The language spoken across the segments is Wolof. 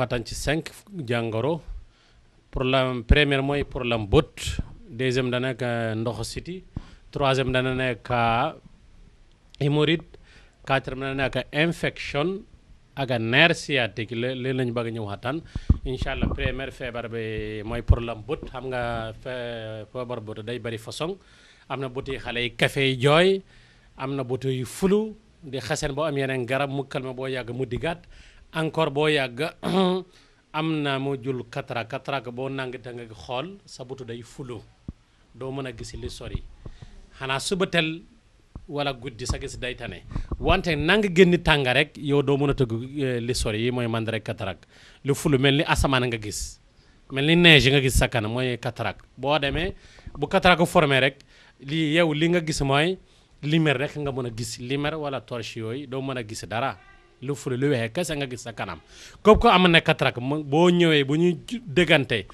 waxtaan ci cinq jàngoro problème première mooy problème bët deuxième dana nekk euh, ndoxu siti troisième dana nekk euh, hémorroïde quatrième dana nekk infection ak nerf sciatique la leen lañu bëgg ñu waxtaan incha allah première feebar bi mooy problème bët xam nga feebar bët day bari façon am na bëti xale yi kafe yi jooy am na bëti yu fulu di xasen boo am yeneen garab mu kalma boo yàgg mu digaat encore boo yàgg am na mu jul katara katara boo nang da nga xool sa butu day fulo doo mën a gis li sori xanaa suba tel wala guddi sa gis day tane wante nang génn tàng rek yow doo mën a tëgg eh, li sori yi mooy mandare katarak lu fulu mel ni asamaan nga gis mel ni neige nga gis sa kanam mooy katarak boo demee bu katarak formé rek lii yow li nga gis mooy lumière rek nga mën a gis lumière wala torche yooyu doo mën a gis dara lu fule lu weex kese nga gis sa kanam comme ko am na katrak boo ñëwee bu ñuy dëggante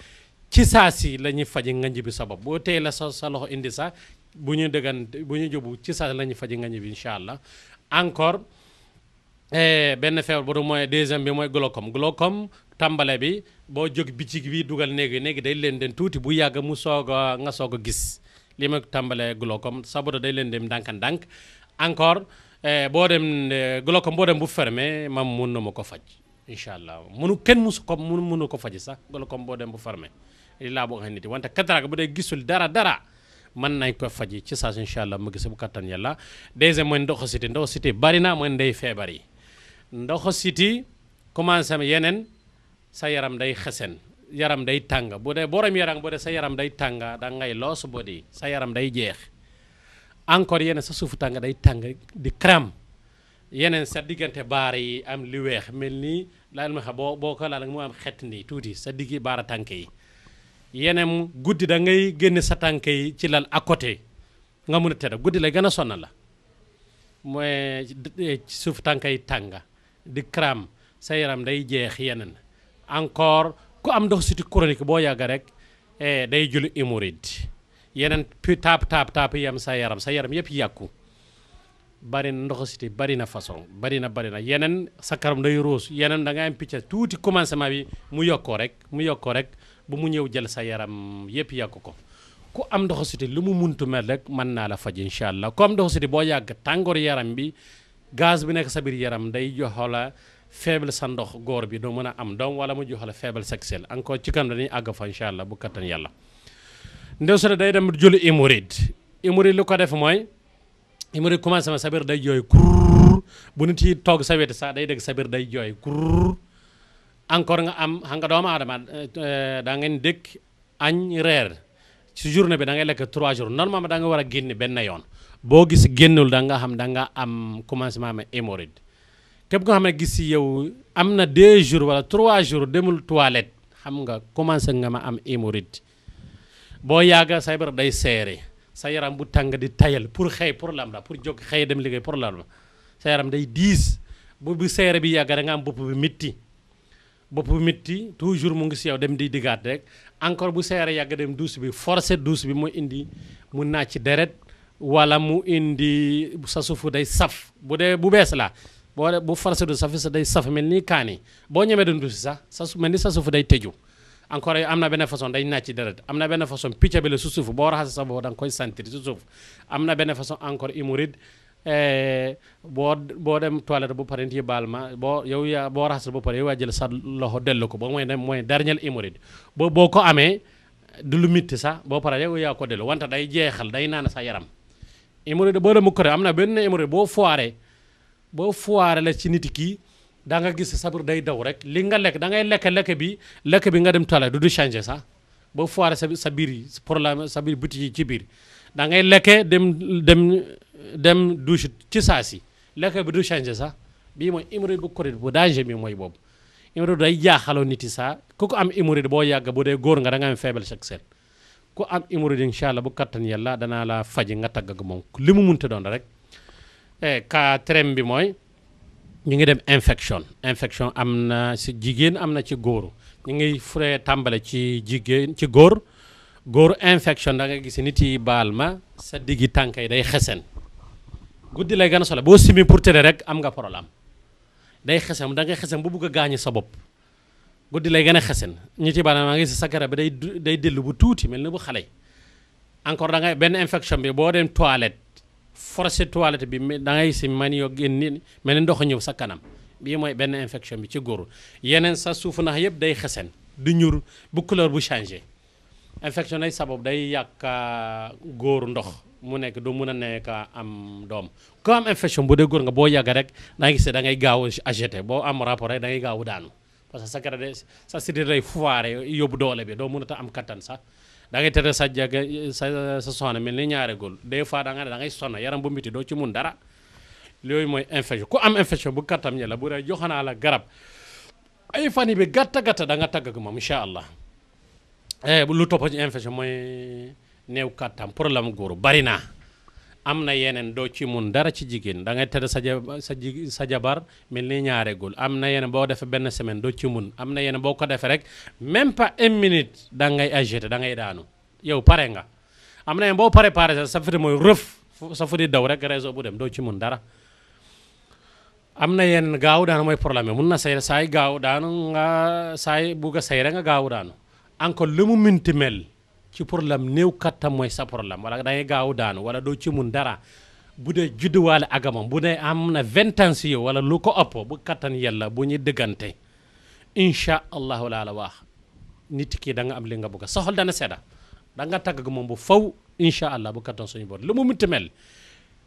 ci saa si la ñuy faji nga njibi sa bopp boo tey la sa sa loxo indi sax bu ñu dëggante bu ñu jóbu ci saa si la ñuy faji nga njibi incha allah encore eh, benn feebar bu mooy deuxième bi mooy glaucome glaucome tàmbale bi boo jóg bitig bi dugal néegi néegi day leen den tuuti bu yàgg mu soog a nga soog a gis li ma tàmbalee glaucome saboto day leen dem ndànk ndànk encore Eh, boo dem eh, glaucome boo dem bu fermé mam mun na ma ko faj incha allah munu kenn musu ko mun mënu ko faj sax glaucome boo dem bu fermé li laa boo xam nit wante cataracte bu dee gisul dara dara man nañ ko faji ci saas incha allah mu gis bu kattan yàlla deuxième mooy ndoxositi ndoxositi barina na mooy ndey feebar yi ndoxositi commencé am yeneen sa yaram day xesen yaram day tàng boo dee boo yaram bu dee sa yaram day tàng da ngay loos boo di sa yaram day jeex encore yeneen sa suufu tàng day tàng di cram yeneen sa diggante baara yi am li weex mel nii laal ma xam boo boo ko laal mu am xet nii tuuti sa diggi baara tànk yi yeneen guddi da ngay génne sa tànk yi ci lal à côté nga mun a tëdd guddi lay gën a sonal la mooy eh, suufu tànk yi tànga di cram sa yaram day jeex yeneen encore ku am ndox siti chronique boo yàgg rek eh, day julu hémorroïde yeneen pu taap taap taap yam sa yaram sa yaram yëpp yàqu bari na ndoxasité bari na façon bari na bari na yeneen sa karam day roos yeneen da nga am picc tuuti commencement bi mu yokkoo rek mu yokkoo rek bu mu ñëw jël sa yaram yëpp yàqu ko ku am ndoxasité lu mu muntu mel rek mën naa la faj incha allah ku am ndoxasité boo yàgg tàngoor yaram bi gaz bi nekk sa biir yaram day joxola faible sa ndox góor bi doo mën a am doom wala mu joxola faible sexuel encore ci kanam dañuy àgg fa incha bu kattan yàlla ndew su ne day dem julli hémorroïde hémorroïde li ko def mooy hémorroïde commencé ma sa day jooy kurr bu nu ti toog sa wet sax day dégg sa day jooy kurr encore nga am xam nga doomu aadama euh, daa ngeen dëkk añ reer ci journée bi da ngay lekk trois jours normalement da nga war a génn benn yoon boo gis génnul da nga xam da nga am commencement ma hémorroïde képp nga xam ne gis si yow am na 2 jours wala trois jours demul toilette xam nga commencé nga ma am hémorroïde boo yàgga say day seere sa yaram bu tàng di tayal pour pour problème la pour jóg xëy dem liggéey problème la sa yaram day diis bu bu seere bi yàgg da am bopp bi métti bopp bi métti toujours mu ngi si yow dem di diggaat rek encore bu seere yàgg dem douche bi forcé douche bi mu indi mu naaj ci deret walla mu indi sa suufu day saf bu dee bu bees la boo bu forcé du saf sa day saf mel ni kaani boo ñemee dem douche sax sa su mel ni sa suufu day tëju encore am na benn façon dañ deret am na benn façon picc bi la su suuf boo raxasee sa bopp da koy sentir su am na benn façon encore hémorroïde eh, boo boo dem toilette bu parent yi baal ma boo yow yaa boo raxas ba pare yow yaa jël sa loxo dellu ko ba mooy ne mooy dernier hémorroïde boo boo ko amee du lu sax boo paree yow yaa ko dellu wante day jeexal day naan sa yaram hémorroïde boo dem mu ko am na benn hémorroïde boo foiree boo foiree la ci nit ki. daa nga gis sabur day daw rek li nga lekk da ngay lekk lekk bi lekk bi nga dem toilette du du changé sax boo foiree sa sa biir problème sa biir buti yi ci biir da ngay dem dem dem douche ci si lekk bi du changé sax bii mooy hémorroïde bu coride bu danger bi mooy boobu hémorroïde day jaaxaloo nit yi saa ku ko am hémorroïde boo yàgg boo dee góor nga da nga am faible sexuel ku am hémorroïde incha allah bu kattan yàlla danaa la faji nga tàgg ak moom li mu munti doon rek eh, ka trem bi mooy ñu ngi dem infection infection am na si jigéen am na ci góor ñu ngi furee tàmbale ci jigéen ci góor góor infection da nga gis nit yi baal ma sa diggi tànk yi day xesen guddi lay gën a solo boo simi pour tere rek am nga problème day xesen da nga xesen bu bugg gaañu sa bopp guddi lay gën a xesen nit yi baal ma nga gis sakara bi day day dellu bu tuuti mel ni bu xale encore da nga benn infection bi boo dem toilette forcé toilette bi da ngay si man yoo génn mel ni ndox ñëw sa kanam bii mooy benn infection bi ci góor yeneen sa suuf nax yëpp day xesen du ñur bu couleur bu changé infection ay sabab day yàq euh, góor ndox mu nekk doo mun a nekk am doom ku am infection bu dee góor nga boo yàgg rek da ngay gis da ngay gaaw a boo am rapport rek da ngay gaaw daanu parce que sa kër sa sidit day foire yóbbu doole bi doo mun a am kattan sax da ngay tere sa jag sa sa soxna mel ni ñaare gul des fois da nga ne da ngay sonn yaram bu miti doo ci mun dara loolu mooy infection ku am infection bu kattam ñe la bu dee joxanaa la garab ay fan yi bi gàtta gàtta da nga tagg ak moom incha allah eh, lu toppa ci infection mooy néew kattam problème góoru bari naa am na yeneen doo ci mun dara ci jigéen da ngay tëdd sa ja sa ji sa jabar mel ni ñaaregul am na yeneen boo defee benn semaine doo ci mun am na yeneen boo ko defee rek même pas une minute da ngay agité da ngay daanu yow pare nga am na boo pare pare sa fi mooy rëf sa fu daw rek réseau bu dem doo ci mun dara am na yeneen gaaw daanu mooy problème mun na say saay gaaw daanu nga saay bugg a rek nga gaaw daanu encore lu mu minti mel. ci lam néew kattan mooy sa problème wala da ngay gaaw daanu wala doo ci mun dara bu dee judduwaale agamam bu dee am na vingt ans yow wala lu ko ëpp bu kattan yàlla bu ñuy dëggante incha allahu laala wax nit ki da nga am li nga bëgg soxal dana sedda da nga tàgg moom bu faw incha allah bu kattan suñu bor lu mu munti mel.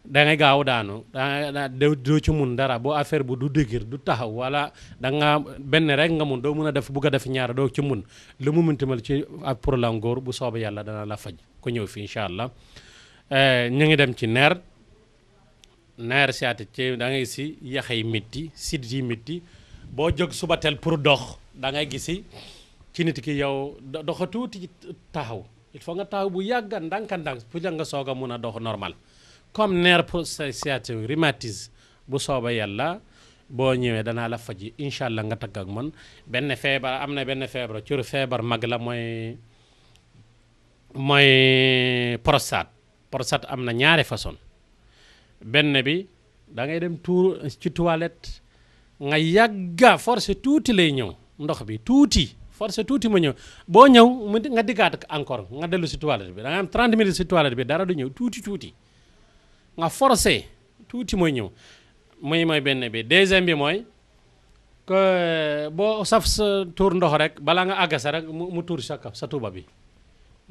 da ngay gaaw daanu da doo ci mun dara boo affaire bu du dëgër du taxaw wala da benn rek nga mun doo mun a def bugg a def ñaar doo ci mun lu mu muntimal ci ak pour langoor bu sooba yàlla dana la faj ku ñëw fi incha allah eh, ñu ngi dem ci neer neer siati da ngay si yax yi métti yi boo jóg suba teel pour dox da ngay gisi ci nit ki yow doxa tuuti taxaw il faut nga taxaw bu yàgga ndànka ndànk pour nga soog a mun a dox normal comme nerf sciatique rhumatisme bu sooba yàlla boo ñëwee danaa la faji incha allah nga tagg ak man benn feebar am na benn feebar cur feebar mag la mooy mooy prostate prostate am na ñaari façon benn bi da ngay dem tuur ci toilette nga yàgga force tuuti lay ñëw ndox bi tuuti force tuuti ma ñëw boo ñëw mu nga diggaat encore nga dellu si toilette bi da nga am 30 minutes si toilette bi dara du ñëw tuuti tuuti nga forcé tuuti mooy ñëw muy mooy benn bi deuxième bi mooy que boo saf sa tuur ndox rek balaa nga àgg sa rek mu tuur sa kaw sa tuba bi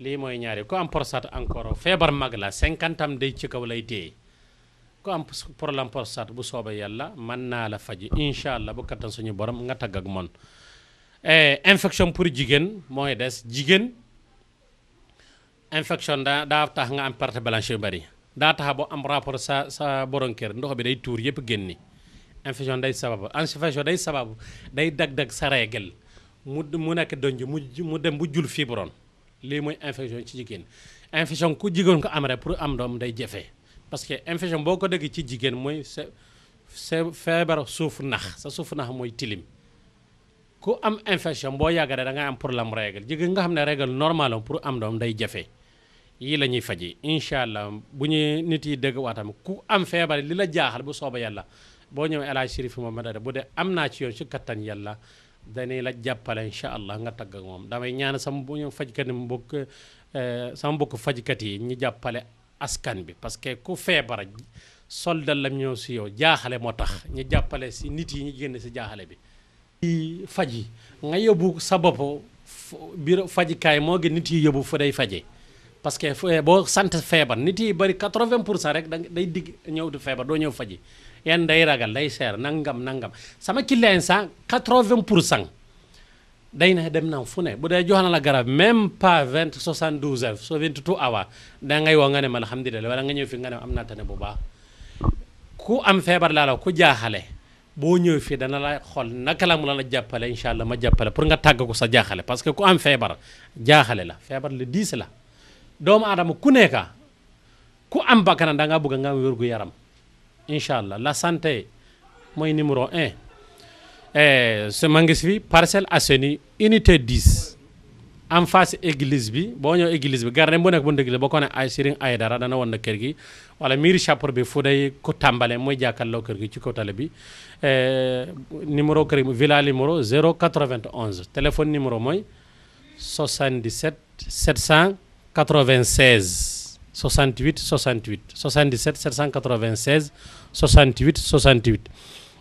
lii mooy ñaari ku am prostate encore feebar mag la cinquante am day ci kaw lay téye ku am problème prostate bu soobee yàlla mën naa la faj incha allah bu kattan suñu borom nga tagg ak mon eh, infection pour jigéen mooy des jigéen infection daa daa tax nga am perte blanche yu bari daa tax ba am rapport sa sa borom kër ndox bi day tuur yëpp génni infection day sababu infection day sababu day dag-dag sa règle mu mu nekk donj mu mu dem bu jul fibron lii mooy infection ci jigéen infection ku jigéen ko am rek pour am doom day jafe parce que infection boo ko dégg ci jigéen mooy sa sa feebar suuf nax sa suuf nax mooy tilim ku am infection boo yàgg rek da ngay am problème règle jigéen nga xam ne règle normal pour am doom day jafe yii la ñuy faji incha allah bu ñu nit yi dégg waatam ku am feebar li la jaaxal bu sooba yàlla boo ñëw El Hadj Chérif ma Aida bu dee am naa ci yoon ci kattan yàlla dañuy la jàppale incha nga tagg moom damay ñaan sama bu ñu fajkat yi mbokk eh, sama mbokk fajkat yi ñu jàppale askan bi parce que ku feebar soldal lam ñëw si yow jaaxale moo tax ñu jàppale si nit yi ñu génn si jaaxale bi faj yi nga yóbbu sa bopp biir fajkaay moo gën nit yi yóbbu fu day fajee parce que eh, boo sant feebar nit yi bëri 80 pour cent rek da day digg ñëw du feebar doo ñëw faji yenn day ragal day seer nangam nangam sama client sax 80 pour cent day na dem na fu ne bu dee jox na la garab même pas 20 72 heures so 22 hours da ngay woo nga ne ma alhamdulilah wala nga ñëw fi nga ne am naa tane bu baax ku am feebar laa la ku jaaxale boo ñëw fii dana la xool naka la mu la jàppale incha allah ma jàppale pour nga tàgg ko sa jaaxale parce que ku am feebar jaaxale la feebar le 10 la. doomu adama ku nekka ku am bakkanam da ngaa bëgg nga am wérgu yaram incha allah la santé mooy numéro un eh, su ma ngi fi Parcelles Assainies unité 10 en face église bi boo ñëw église bi gardé boo nekk bu ndëgg la boo ko ne ay Serigne dana wan na kër gi wala miiri chapour bi fu day tambale tàmbale mooy jàkkaarloo kër gi ci kaw tale bi eh, numéro kër gi villa numéro 091 téléphone numéro mooy 77 700 96 68 68 77 796 68 68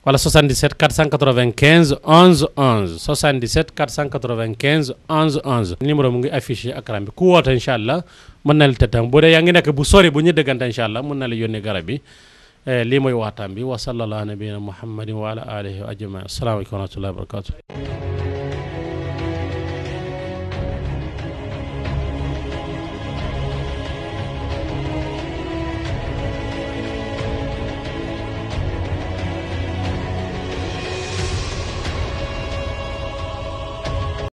wala 77 495 11 11 77 495 11 11. numéro mu ngi affiché écran bi ku woote incha allah mën na la tëttam bu dee yaa ngi nekk bu sori bu ñu dëggante incha allah mën na la yónnee garab bi eh, lii mooy waxtaan bi wa sallallahu nabiyina muhammadin wa ala alihi wa ajmain asalaamaaleykum wa rahmatullahi wa barakatuh